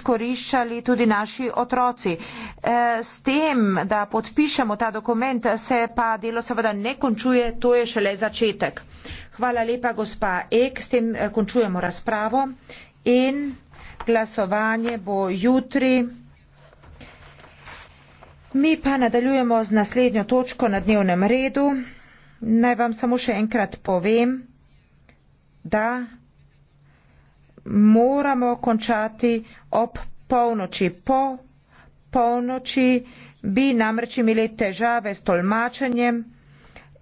skoriščali tudi naši otroci. E, s tem, da podpišemo ta dokument, se pa delo seveda ne končuje, to je šele začetek. Hvala lepa, gospa Ek, s tem eh, končujemo razpravo in glasovanje bo jutri. Mi pa nadaljujemo z naslednjo točko na dnevnem redu. Naj vam samo še enkrat povem, da moramo končati ob polnoči. Po polnoči bi namreč imeli težave s tolmačenjem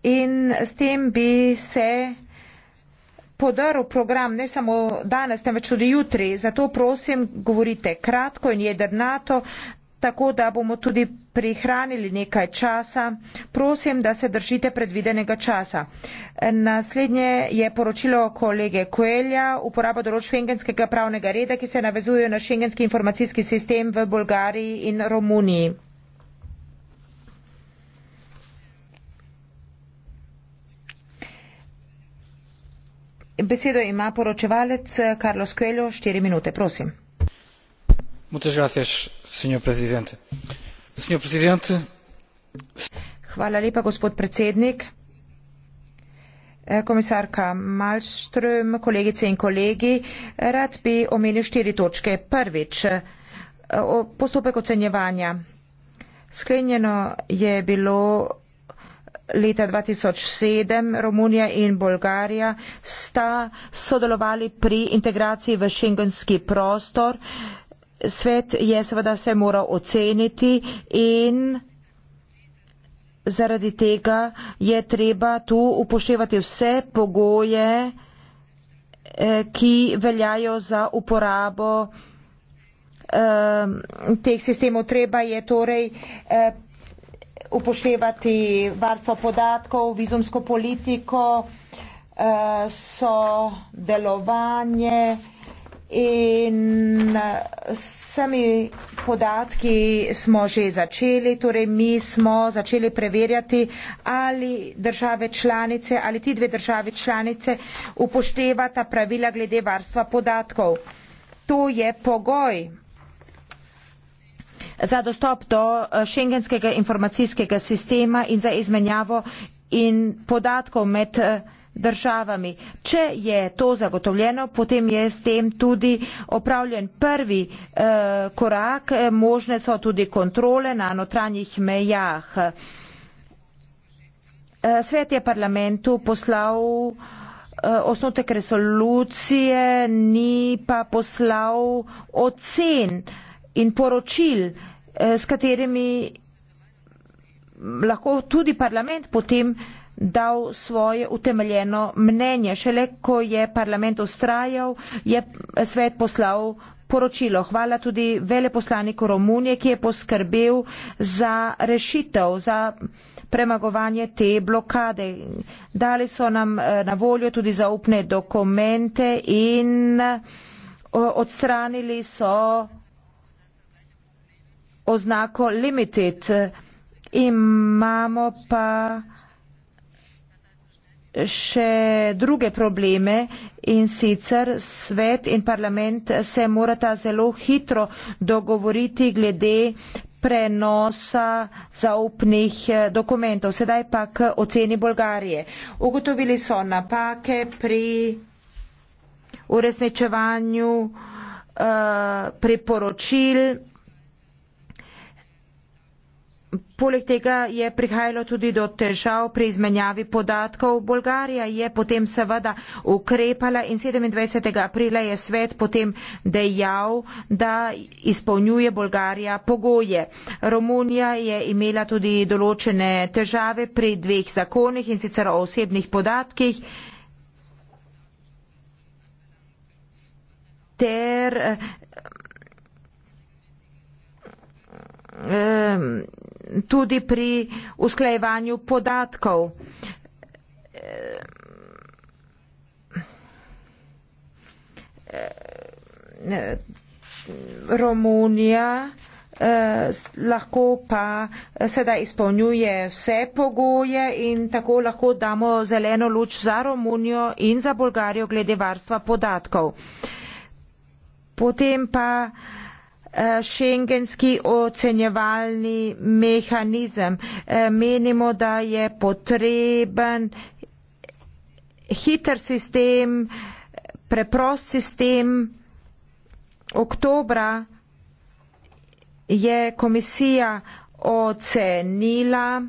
in s tem bi se podaril program ne samo danes, temveč tudi jutri. Zato prosim, govorite kratko in jedrnato, tako da bomo tudi prihranili nekaj časa. Prosim, da se držite predvidenega časa. Naslednje je poročilo kolege Koelja, uporaba določ šengenskega pravnega reda, ki se navezujejo na šengenski informacijski sistem v Bolgariji in Romuniji. Besedo ima poročevalec Karlo Skveljo, štiri minute, prosim. Eh, komisarka malmstrm kolegice in kolegi rad bi omenil štiri točke prvič eh, postopek ocenjevanja sklenjeno je bilo leta 2007 Romunija in Bolgarija sta sodelovali pri integraciji v šengenski prostor svet je seveda vse moral oceniti in zaradi tega je treba tu upoštevati vse pogoje, eh, ki veljajo za uporabo eh, teh sistemov. Treba je torej eh, upoštevati varstvo podatkov, vizumsko politiko, sodelovanje, delovanje, In eh, s temi podatki smo že začeli, torej mi smo začeli preverjati, ali države članice, ali ti dve države članice upoštevata pravila glede varstva podatkov. To je pogoj za dostop do eh, šengenskega informacijskega sistema in za izmenjavo in podatkov med eh, državami. Če je to zagotovljeno, potem je s tem tudi opravljen prvi eh, korak, možne so tudi kontrole na notranjih mejah. Eh, svet je parlamentu poslal eh, osnotek resolucije, ni pa poslal ocen in poročil, eh, s katerimi lahko tudi parlament potem eh, dal svoje utemeljeno mnenje. Šele ko je parlament ustrajal, je svet poslal poročilo. Hvala tudi veleposlaniku Romunije, ki je poskrbel za rešitev, za premagovanje te blokade. Dali so nam eh, na voljo tudi zaupne dokumente in eh, odstranili so oznako limited. Imamo pa še druge probleme in sicer svet in parlament se morata zelo hitro dogovoriti glede prenosa zaupnih eh, dokumentov. Sedaj pa k oceni Bolgarije. Ugotovili so napake pri uresničevanju uh, priporočil Poleg tega je prihajalo tudi do težav pri izmenjavi podatkov. Bolgarija je potem seveda ukrepala in 27. aprila je svet potem dejal, da izpolnjuje Bolgarija pogoje. Romunija je imela tudi določene težave pri dveh zakonih in sicer o osebnih podatkih. Ter, eh, tudi pri usklajevanju podatkov. Romunija eh, lahko pa sedaj izpolnjuje vse pogoje in tako lahko damo zeleno luč za Romunijo in za Bolgarijo glede varstva podatkov. Potem pa eh, Eh, šengenski ocenjevalni mehanizem. Eh, menimo, da je potreben hiter sistem, preprost sistem. Oktobra je komisija ocenila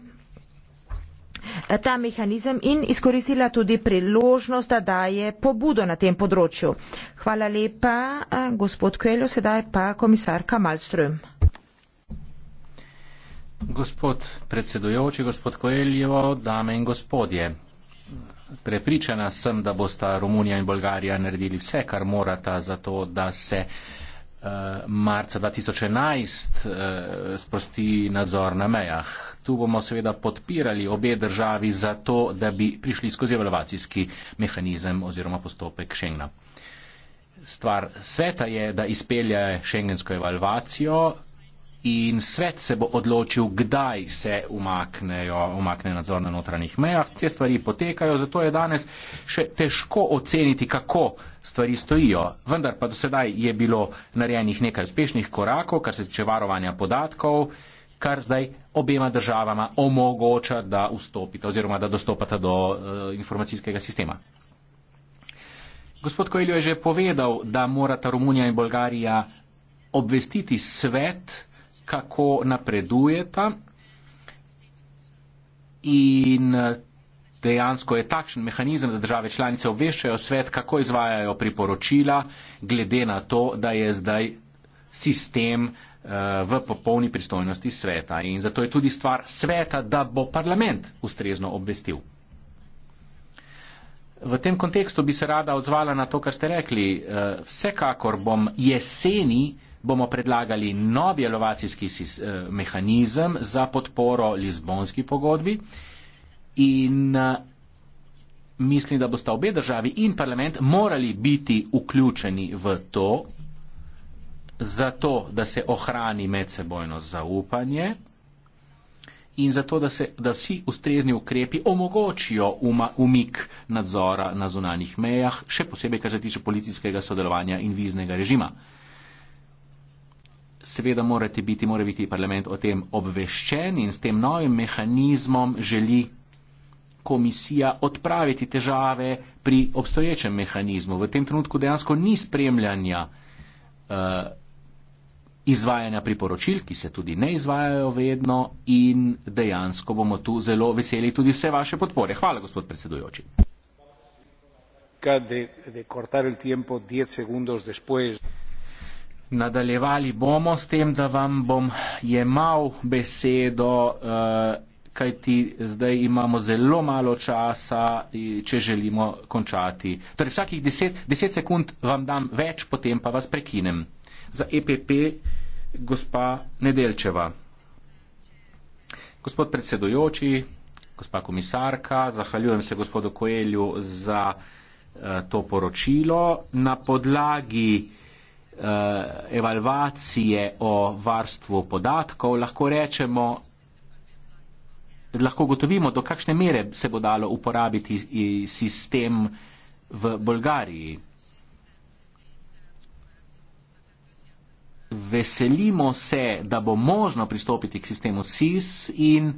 Eh, ta mehanizem in izkoristila tudi priložnost, da daje pobudo na tem področju. Hvala lepa, eh, gospod Kveljo, sedaj pa komisarka Malström. Gospod predsedujoči, gospod Koeljevo, dame in gospodje. Prepričana sem, da bosta Romunija in Bolgarija naredili vse, kar morata za to, da se Eh, marca 2011 eh, sprosti nadzor na mejah. Tu bomo seveda podpirali obe državi za to, da bi prišli skozi evalvacijski mehanizem oziroma postopek Schengna. Stvar sveta je, da izpelje šengensko evalvacijo, in svet se bo odločil, kdaj se umaknejo, umakne nadzor na notranjih mejah. Te stvari potekajo, zato je danes še težko oceniti, kako stvari stojijo. Vendar pa do sedaj je bilo narejenih nekaj uspešnih korakov, kar se tiče varovanja podatkov, kar zdaj obema državama omogoča, da vstopite oziroma da dostopate do uh, informacijskega sistema. Gospod Kojljo je že povedal, da morata Romunija in Bolgarija obvestiti svet, kako napredujeta in eh, dejansko je takšen mehanizem, da države članice obveščajo svet, kako izvajajo priporočila, glede na to, da je zdaj sistem eh, v popolni pristojnosti sveta. In zato je tudi stvar sveta, da bo parlament ustrezno obvestil. V tem kontekstu bi se rada odzvala na to, kar ste rekli. Eh, vsekakor bom jeseni bomo predlagali novi elovacijski eh, mehanizem za podporo Lizbonski pogodbi in eh, mislim, da bosta obe državi in parlament morali biti vključeni v to, zato da se ohrani medsebojno zaupanje in zato da, se, da vsi ustrezni ukrepi omogočijo uma, umik nadzora na zunanjih mejah, še posebej, kar se tiče policijskega sodelovanja in viznega režima seveda morate biti, mora biti parlament o tem obveščen in s tem novim mehanizmom želi komisija odpraviti težave pri obstoječem mehanizmu. V tem trenutku dejansko ni spremljanja uh, izvajanja priporočil, ki se tudi ne izvajajo vedno in dejansko bomo tu zelo veseli tudi vse vaše podpore. Hvala, gospod predsedujoči. De, de Nadaljevali bomo s tem, da vam bom jemal besedo, eh, kaj ti zdaj imamo zelo malo časa, eh, če želimo končati. Torej vsakih deset, deset sekund vam dam več, potem pa vas prekinem. Za EPP gospa Nedelčeva. Gospod predsedujoči, gospa komisarka, zahvaljujem se gospodu Koelju za eh, to poročilo. Na podlagi uh, Eh, evalvacije o varstvu podatkov, lahko rečemo, lahko gotovimo, do kakšne mere se bo dalo uporabiti sistem v Bolgariji. Veselimo se, da bo možno pristopiti k sistemu SIS in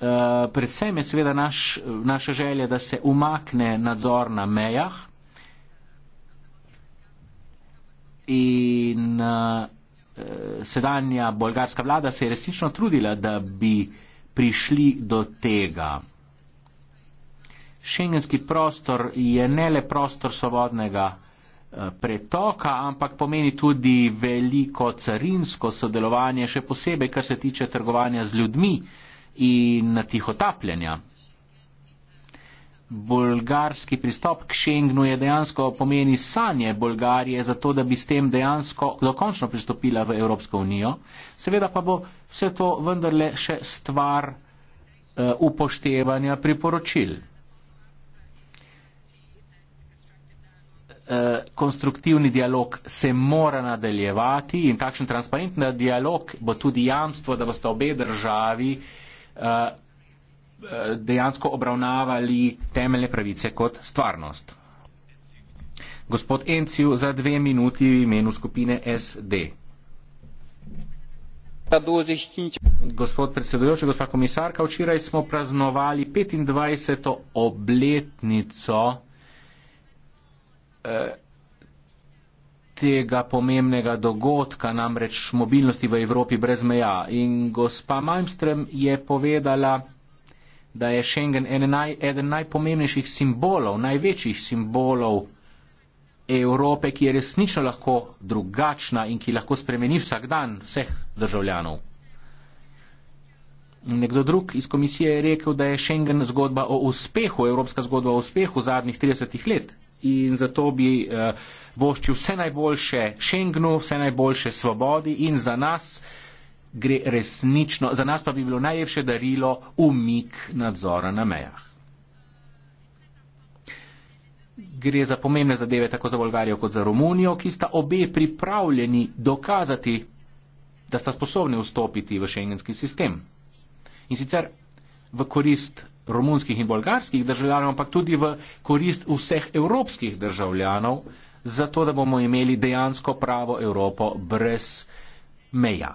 uh, predvsem je seveda naš, naša želja, da se umakne nadzor na mejah, in uh, sedanja bolgarska vlada se je resnično trudila, da bi prišli do tega. Šengenski prostor je ne le prostor svobodnega eh, pretoka, ampak pomeni tudi veliko carinsko sodelovanje, še posebej, kar se tiče trgovanja z ljudmi in tihotapljanja bolgarski pristop k Schengnu je dejansko pomeni sanje Bolgarije za to, da bi s tem dejansko dokončno pristopila v Evropsko unijo. Seveda pa bo vse to vendarle še stvar uh, upoštevanja priporočil. Eh, konstruktivni dialog se mora nadaljevati in takšen transparentni dialog bo tudi jamstvo, da boste obe državi uh, dejansko obravnavali temeljne pravice kot stvarnost. Gospod Enciu, za dve minuti v imenu skupine SD. Gospod predsedujoči, gospa komisarka, včeraj smo praznovali 25. obletnico eh, tega pomembnega dogodka, namreč mobilnosti v Evropi brez meja. In gospa Malmström je povedala, da je Schengen naj, eden najpomembnejših simbolov, največjih simbolov Evrope, ki je resnično lahko drugačna in ki lahko spremeni vsak dan vseh državljanov. Nekdo drug iz komisije je rekel, da je Schengen zgodba o uspehu, evropska zgodba o uspehu zadnjih 30 let in zato bi uh, voščil vse najboljše Schengnu, vse najboljše svobodi in za nas uh, gre resnično, za nas pa bi bilo najlepše darilo umik nadzora na mejah. Gre za pomembne zadeve tako za Bolgarijo kot za Romunijo, ki sta obe pripravljeni dokazati, da sta sposobni vstopiti v šengenski sistem. In sicer v korist romunskih in bolgarskih državljanov, ampak tudi v korist vseh evropskih državljanov, zato da bomo imeli dejansko pravo Evropo brez meja.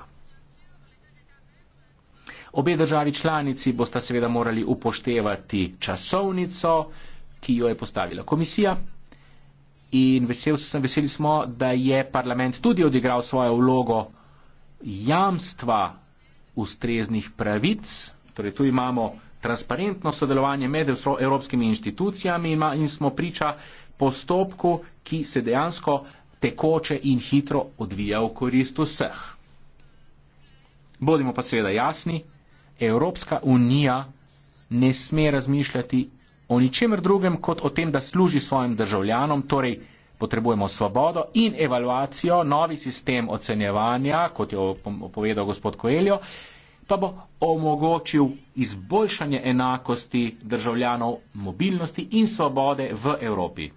Obe državi članici bosta seveda morali upoštevati časovnico, ki jo je postavila komisija. In vesel, veseli smo, da je parlament tudi odigral svojo vlogo jamstva ustreznih pravic. Torej, tu imamo transparentno sodelovanje med evropskimi inštitucijami in smo priča postopku, ki se dejansko tekoče in hitro odvija v korist vseh. Bodimo pa seveda jasni, Evropska unija ne sme razmišljati o ničemer drugem, kot o tem, da služi svojim državljanom, torej potrebujemo svobodo in evaluacijo, novi sistem ocenjevanja, kot je povedal gospod Koeljo, pa bo omogočil izboljšanje enakosti državljanov, mobilnosti in svobode v Evropi.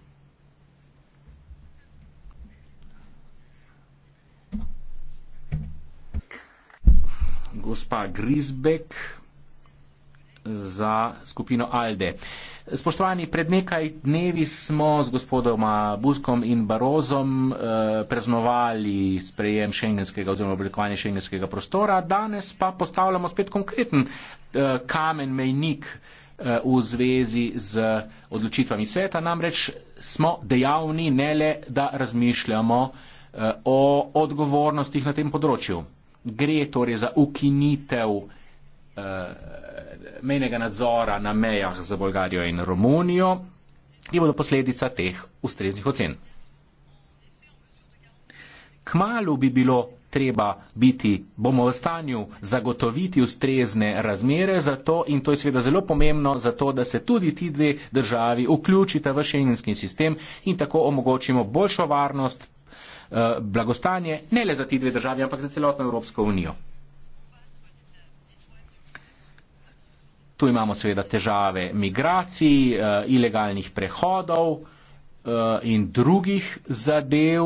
gospa Grisbek za skupino Alde. Spoštovani, pred nekaj dnevi smo z gospodoma Buskom in Barozom eh, preznovali sprejem šengenskega oziroma oblikovanje šengenskega prostora, danes pa postavljamo spet konkreten eh, kamen, mejnik eh, v zvezi z odločitvami sveta. Namreč smo dejavni ne le, da razmišljamo eh, o odgovornostih na tem področju gre torej za ukinitev eh, mejnega nadzora na mejah za Bolgarijo in Romunijo, ki bodo posledica teh ustreznih ocen. Kmalu bi bilo treba biti, bomo v stanju zagotoviti ustrezne razmere za to in to je seveda zelo pomembno za to, da se tudi ti dve državi vključita v šengenski sistem in tako omogočimo boljšo varnost Eh, blagostanje ne le za ti dve državi, ampak za celotno Evropsko unijo. Tu imamo seveda težave migracij, eh, ilegalnih prehodov eh, in drugih zadev,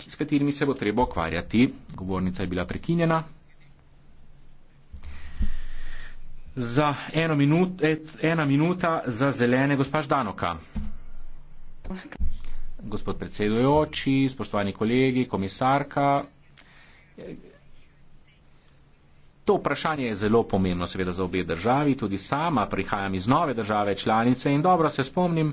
s katerimi se bo treba okvarjati. Govornica je bila prekinjena. Za eno minut, et, ena minuta za zelene gospa Ždanoka. Okay. Gospod predsedujoči, spoštovani kolegi, komisarka. To vprašanje je zelo pomembno seveda za obe državi. Tudi sama prihajam iz nove države članice in dobro se spomnim,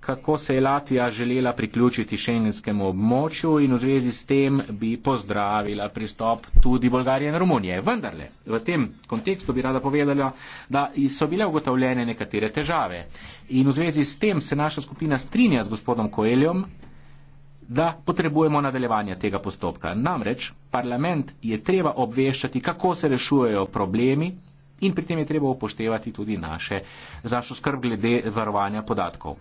kako se je Latvija želela priključiti šengenskemu območju in v zvezi s tem bi pozdravila pristop tudi Bolgarije in Romunije. Vendarle, v tem kontekstu bi rada povedala, da so bile ugotovljene nekatere težave. In v zvezi s tem se naša skupina strinja z gospodom Koeljom, da potrebujemo nadaljevanje tega postopka. Namreč parlament je treba obveščati, kako se rešujejo problemi. In pri tem je treba upoštevati tudi naše, našo skrb glede varovanja podatkov.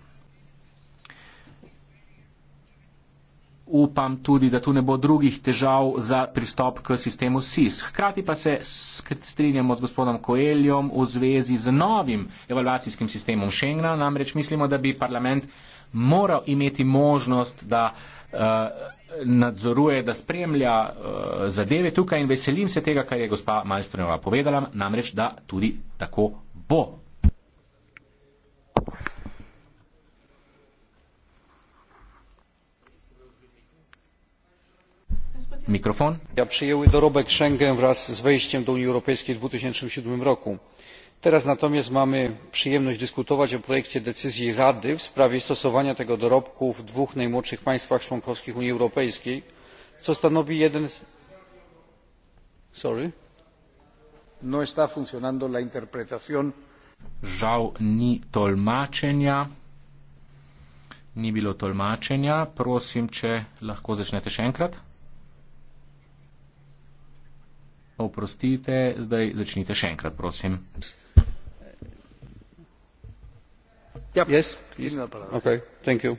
upam tudi, da tu ne bo drugih težav za pristop k sistemu SIS. Hkrati pa se strinjamo z gospodom Koeljom v zvezi z novim evalvacijskim sistemom Schengena, namreč mislimo, da bi parlament moral imeti možnost, da uh, nadzoruje, da spremlja uh, zadeve tukaj in veselim se tega, kar je gospa Malstrojeva povedala, namreč da tudi tako bo mikrofon. Ja, przyjęły dorobek schengen wraz z wejściem do unii europejskiej w dwa tysiące siedem roku. teraz natomiast mamy przyjemność dyskutować o projekcie decyzji rady w sprawie stosowania tego dorobku w dwóch najmłodszych państwach członkowskich unii europejskiej co stanowi jeden z no está funcionando la interpretación. Żał ni tłumaczenia. Nie było tłumaczenia. Prosim, czy lahko zaczniecie jeszcze raz? Oprostite, zdaj začnite še enkrat, prosim. Ja, yes, okay, thank you.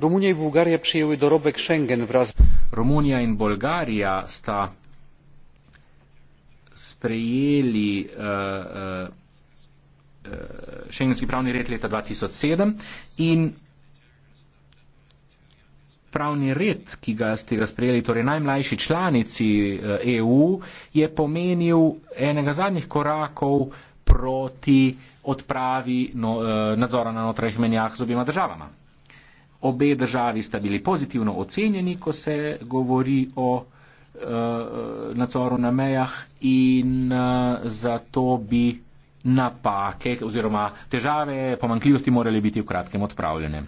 Romunija in Bulgarija prijeli dorobek Schengen v raz. Romunija in Bulgarija sta sprejeli uh, e, e, e, uh, šengenski pravni red leta 2007 in pravni red, ki ga ste ga sprejeli, torej najmlajši članici EU, eh, e je pomenil enega zadnjih korakov proti odpravi no, eh, nadzora na notranjih menjah z obima državama. Obe državi sta bili pozitivno ocenjeni, ko se govori o uh, nadzoru na mejah in uh, zato bi napake oziroma težave, pomankljivosti morali biti v kratkem odpravljene.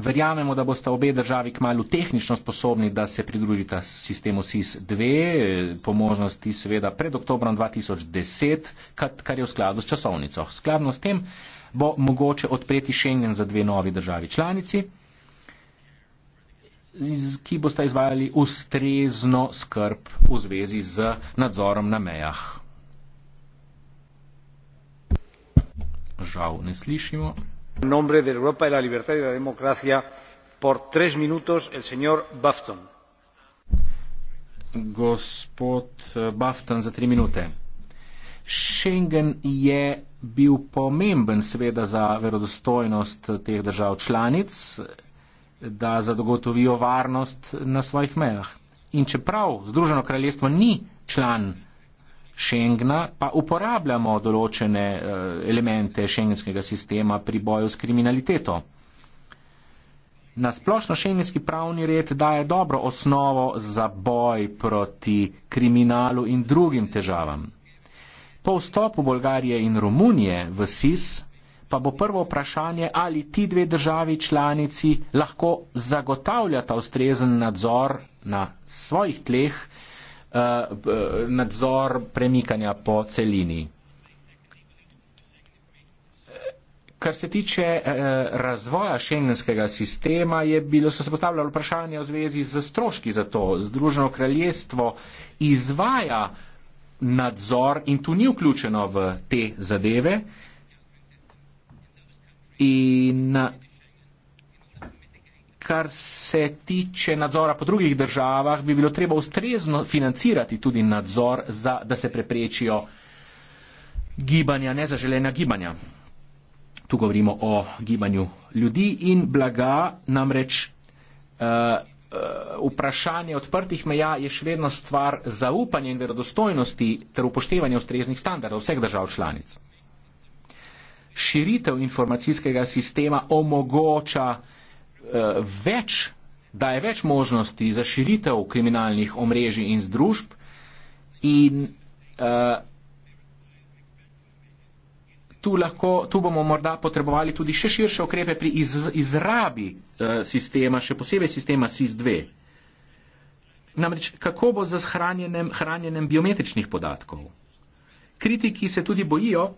Verjamemo, da boste obe državi kmalo tehnično sposobni, da se pridružita sistemu SIS-2, po možnosti seveda pred oktobrom 2010, kar je v skladu s časovnico. Skladno s tem bo mogoče odpreti Schengen za dve novi državi članici, ki boste izvajali ustrezno skrb v zvezi z nadzorom na mejah. Žal ne slišimo. Eh, schengen je bil pomemben seveda za verodostojnost eh, teh držav članic da zagotovijo varnost na svojih mejah in čeprav združeno kraljestvo ni član Schengna, pa uporabljamo določene eh, elemente šengenskega sistema pri boju s kriminaliteto. Na splošno šengenski pravni red daje dobro osnovo za boj proti kriminalu in drugim težavam. Po vstopu Bolgarije in Romunije v SIS pa bo prvo vprašanje, ali ti dve državi članici lahko zagotavljata ustrezen nadzor na svojih tleh, Eh, nadzor premikanja po celini. Kar se tiče eh, razvoja šengenskega sistema, je bilo so se postavljalo vprašanje v zvezi z stroški za to. Združeno kraljestvo izvaja nadzor in tu ni vključeno v te zadeve. In kar se tiče nadzora po drugih državah, bi bilo treba ustrezno financirati tudi nadzor, za, da se preprečijo gibanja, nezaželena gibanja. Tu govorimo o gibanju ljudi in blaga, namreč uh, vprašanje odprtih meja je še vedno stvar zaupanja in verodostojnosti ter upoštevanja ustreznih standardov vseh držav članic. Širitev informacijskega sistema omogoča uh, uh, več, daje več možnosti za širitev kriminalnih omrežij in združb in uh, tu, lahko, tu bomo morda potrebovali tudi še širše okrepe pri iz, izrabi uh, sistema, še posebej sistema SIS-2. Namreč, kako bo z hranjenjem biometričnih podatkov? Kritiki se tudi bojijo,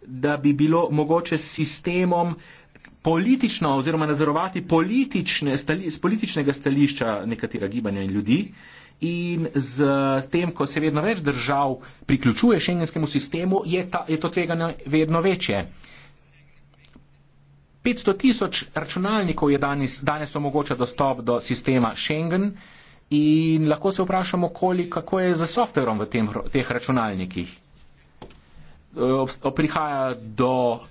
da bi bilo mogoče s sistemom uh, politično oziroma nazorovati politične, stali, z političnega stališča nekatera gibanja in ljudi in z tem, ko se vedno več držav priključuje šengenskemu sistemu, je, ta, je to tveganje vedno večje. 500 tisoč računalnikov je danes, danes omogoča dostop do sistema Schengen in lahko se vprašamo, koliko, kako je z softverom v tem, teh računalnikih. Ob, ob, prihaja do uh,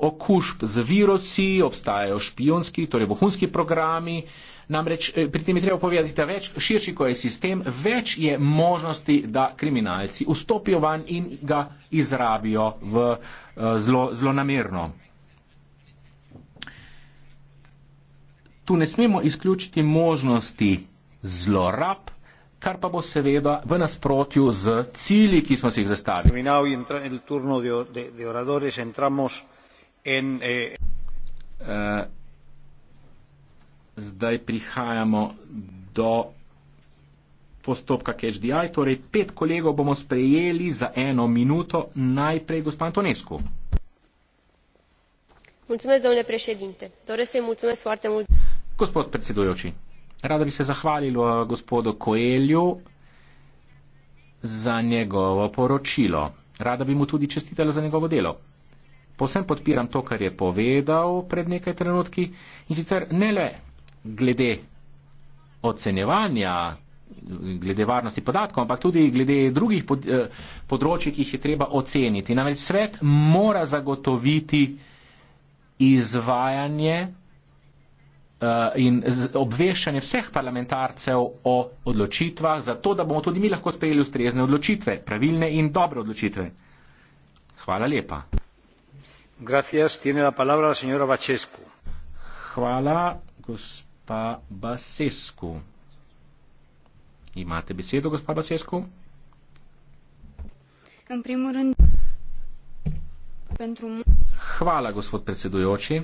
okužb z virusi, obstajajo špijonski, torej bohunski programi. Namreč eh, pri tem je treba povedati, da več širši, ko je sistem, več je možnosti, da kriminalci vstopijo van in ga izrabijo v eh, zlo, zlonamerno. Tu ne smemo izključiti možnosti zlorab, kar pa bo seveda v nasprotju z cilji, ki smo si jih zastavili en, eh, eh, zdaj prihajamo do postopka KHDI, torej pet kolegov bomo sprejeli za eno minuto, najprej gospod Antonescu. Gospod predsedujoči, rada bi se zahvalila eh, gospodu Koelju za njegovo poročilo. Rada bi mu tudi čestitala za njegovo delo. Posem podpiram to, kar je povedal pred nekaj trenutki in sicer ne le glede ocenjevanja, glede varnosti podatkov, ampak tudi glede drugih pod, eh, področji, ki jih je treba oceniti. Namreč svet mora zagotoviti izvajanje eh, in obveščanje vseh parlamentarcev o odločitvah, zato da bomo tudi mi lahko sprejeli ustrezne odločitve, pravilne in dobre odločitve. Hvala lepa hvala gospa basescu imate besedo gospa basescu hvala gospod predsedujoči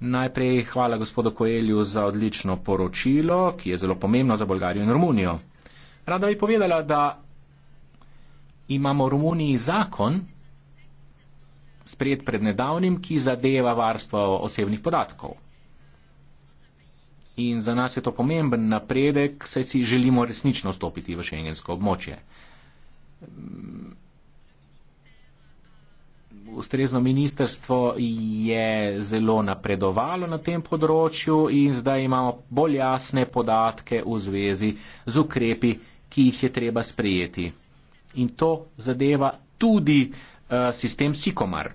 najprej hvala gospodu coelhu za odlično poročilo ki je zelo pomembno za bolgarijo in romunijo rada bi povedala da imamo v Romuniji zakon, sprejet pred nedavnim, ki zadeva varstvo osebnih podatkov. In za nas je to pomemben napredek, saj si želimo resnično stopiti v šengensko območje. Ustrezno ministerstvo je zelo napredovalo na tem področju in zdaj imamo bolj jasne podatke v zvezi z ukrepi, ki jih je treba sprejeti in to zadeva tudi uh, sistem Sikomar.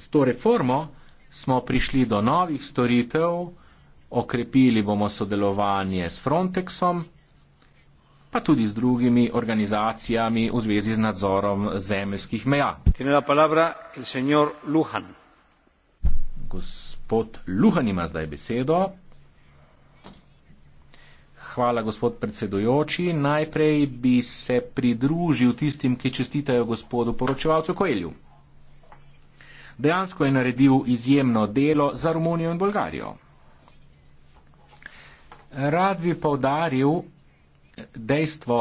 S to reformo smo prišli do novih storitev, okrepili bomo sodelovanje s Frontexom, pa tudi z drugimi organizacijami v zvezi z nadzorom zemljskih meja. Gospod Luhan ima zdaj besedo. Hvala, gospod predsedujoči. Najprej bi se pridružil tistim, ki čestitajo gospodu poročevalcu Koelju. Dejansko je naredil izjemno delo za Romunijo in Bolgarijo. Rad bi povdaril dejstvo,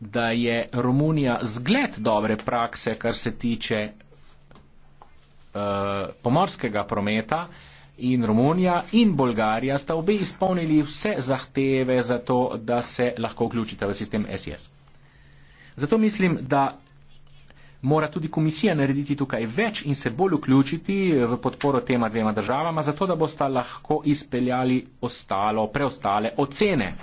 da je Romunija zgled dobre prakse, kar se tiče uh, pomorskega prometa. Uh, in Romunija in Bolgarija sta obe izpolnili vse zahteve za to, da se lahko vključite v sistem SES. Zato mislim, da mora tudi komisija narediti tukaj več in se bolj vključiti v podporo tema dvema državama, zato da bosta lahko izpeljali ostalo, preostale ocene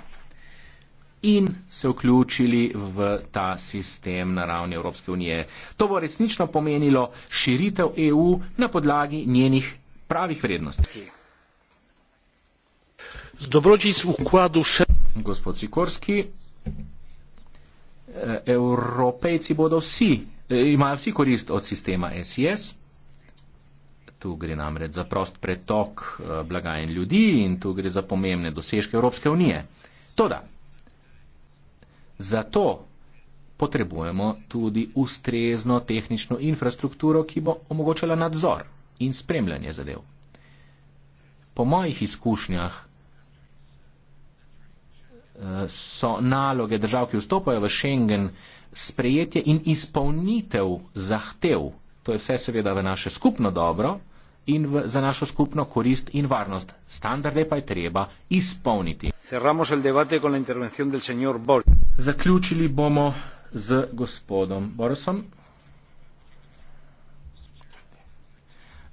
in se vključili v ta sistem na ravni Evropske unije. To bo resnično pomenilo širitev EU na podlagi njenih pravih vrednosti. Z dobrodružstvom układu Schengen. Gospod Sikorski, e, Evropejci bodo vsi, e, imajo vsi korist od sistema SIS. Tu gre namreč za prost pretok e, blaga in ljudi in tu gre za pomembne dosežke Evropske unije. Toda, zato potrebujemo tudi ustrezno tehnično infrastrukturo, ki bo omogočala nadzor in spremljanje zadev. Po mojih izkušnjah eh, so naloge držav, ki vstopajo v Schengen, sprejetje in izpolnitev zahtev. To je vse seveda v naše skupno dobro in v, za našo skupno korist in varnost. Standarde pa je treba izpolniti. Zaključili bomo z gospodom Borosom.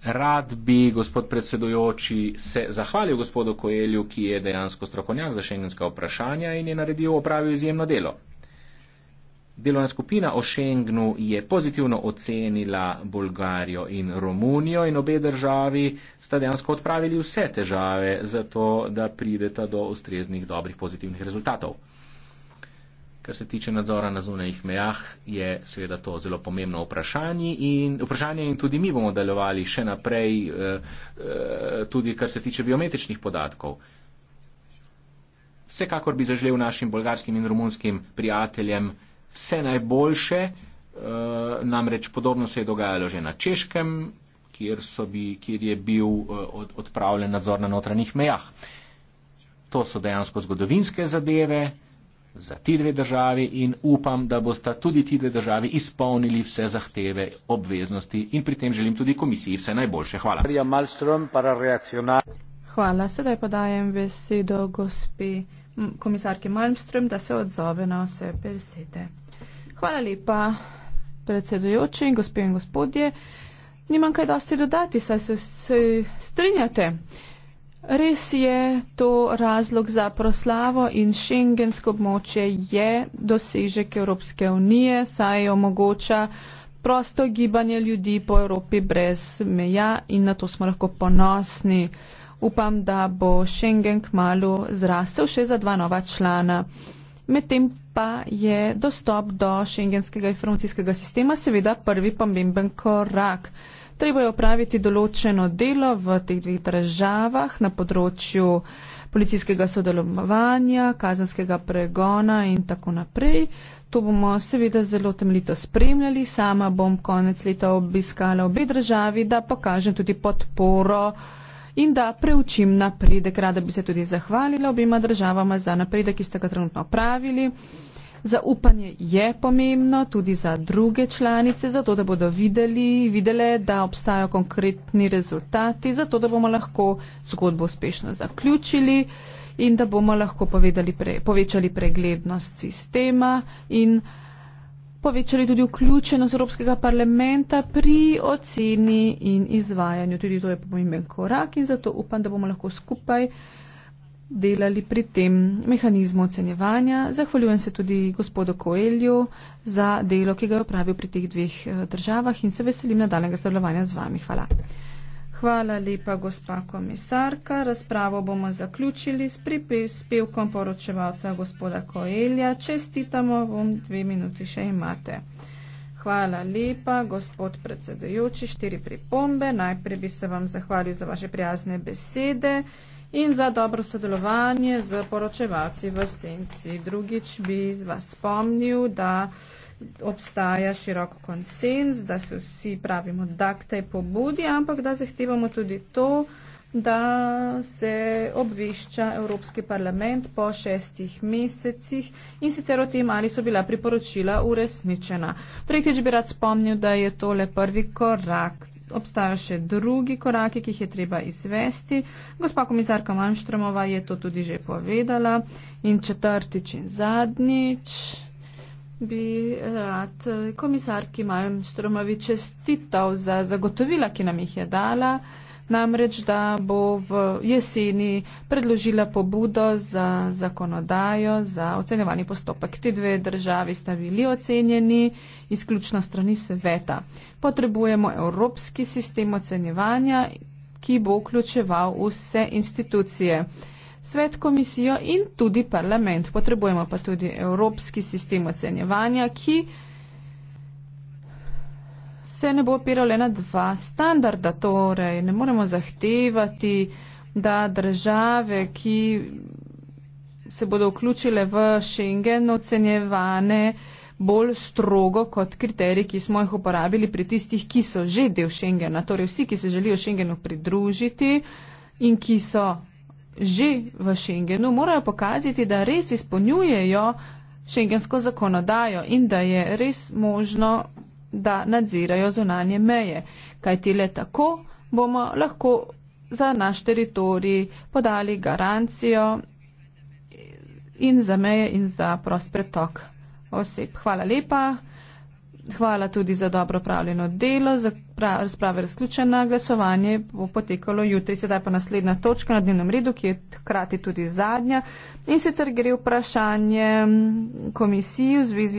Rad bi, gospod predsedujoči, se zahvalil gospodu Koelju, ki je dejansko strokovnjak za šengenska vprašanja in je naredil opravil izjemno delo. Delovna skupina o Schengnu je pozitivno ocenila Bolgarijo in Romunijo in obe državi sta dejansko odpravili vse težave za to, da prideta do ustreznih, dobrih, pozitivnih rezultatov kar se tiče nadzora na zunanjih mejah, je seveda to zelo pomembno vprašanje in, vprašanje in tudi mi bomo delovali še naprej, eh, eh, tudi kar se tiče biometričnih podatkov. Vsekakor bi zaželel našim bolgarskim in romunskim prijateljem vse najboljše, eh, namreč podobno se je dogajalo že na Češkem, kjer, bi, kjer je bil odpravljen nadzor na notranjih mejah. To so dejansko zgodovinske zadeve za ti dve državi in upam, da bosta tudi ti dve državi izpolnili vse zahteve, obveznosti in pri tem želim tudi komisiji vse najboljše. Hvala. Hvala. Sedaj podajem besedo gospe komisarke Malmström, da se odzove na vse besede. Hvala lepa, predsedujoči in gospe in gospodje. Nimam kaj dosti dodati, saj se, se strinjate. Res je to razlog za proslavo in šengensko območje je dosežek Evropske unije, saj je omogoča prosto gibanje ljudi po Evropi brez meja in na to smo lahko ponosni. Upam, da bo šengen kmalo zrasel še za dva nova člana. Medtem pa je dostop do šengenskega informacijskega sistema seveda prvi pomemben korak treba je opraviti določeno delo v teh dveh državah na področju policijskega sodelovanja, kazanskega pregona in tako naprej. To bomo seveda zelo temeljito spremljali. Sama bom konec leta obiskala obe državi, da pokažem tudi podporo in da preučim napredek. Rada bi se tudi zahvalila obima državama za napredek, ki ste ga trenutno pravili. Zaupanje je pomembno tudi za druge članice, zato da bodo videli, videle, da obstajajo konkretni rezultati, zato da bomo lahko zgodbo uspešno zaključili in da bomo lahko povedali, pre, povečali preglednost sistema in povečali tudi vključenost Evropskega parlamenta pri oceni in izvajanju. Tudi to je pomemben korak in zato upam, da bomo lahko skupaj delali pri tem mehanizmu ocenjevanja. Zahvaljujem se tudi gospodu Koelju za delo, ki ga je opravil pri teh dveh eh, državah in se veselim nadaljnega sodelovanja z vami. Hvala. Hvala lepa, gospa komisarka. Razpravo bomo zaključili s pripevkom poročevalca gospoda Koelja. Čestitamo vam, dve minuti še imate. Hvala lepa, gospod predsedujoči. Štiri pripombe. Najprej bi se vam zahvalil za vaše prijazne besede in za dobro sodelovanje z poročevalci v senci. Drugič bi z vas spomnil, da obstaja širok konsens, da se vsi pravimo daktaj pobudi, ampak da zahtevamo tudi to, da se obvešča Evropski parlament po šestih mesecih in sicer o tem, ali so bila priporočila uresničena. Tretjič bi rad spomnil, da je tole prvi korak obstajajo še drugi koraki, ki jih je treba izvesti. Gospa komisarka Manštromova je to tudi že povedala. In četrtič in zadnjič bi rad eh, komisarki Manštromovi čestital za zagotovila, ki nam jih je dala namreč, da bo v jeseni predložila pobudo za zakonodajo za ocenjevanje postopek. Ti dve državi sta bili ocenjeni izključno strani sveta. Potrebujemo evropski sistem ocenjevanja, ki bo vključeval vse institucije. Svet, komisijo in tudi parlament. Potrebujemo pa tudi evropski sistem ocenjevanja, ki se ne bo opiral le na dva standarda. Torej, ne moremo zahtevati, da države, ki se bodo vključile v Schengen, ocenjevane bolj strogo kot kriteriji, ki smo jih uporabili pri tistih, ki so že del Schengena. Torej, vsi, ki se želijo Schengenu pridružiti in ki so že v Schengenu, morajo pokazati, da res izpolnjujejo šengensko zakonodajo in da je res možno da nadzirajo zunanje meje, kajti le tako bomo lahko za naš teritorij podali garancijo in za meje in za prost pretok oseb. Hvala lepa. Hvala tudi za dobro pravljeno delo, za pra, razprave razključena, glasovanje bo potekalo jutri, sedaj pa naslednja točka na dnevnem redu, ki je hkrati tudi zadnja. In sicer gre vprašanje mm, komisiji v zvezi.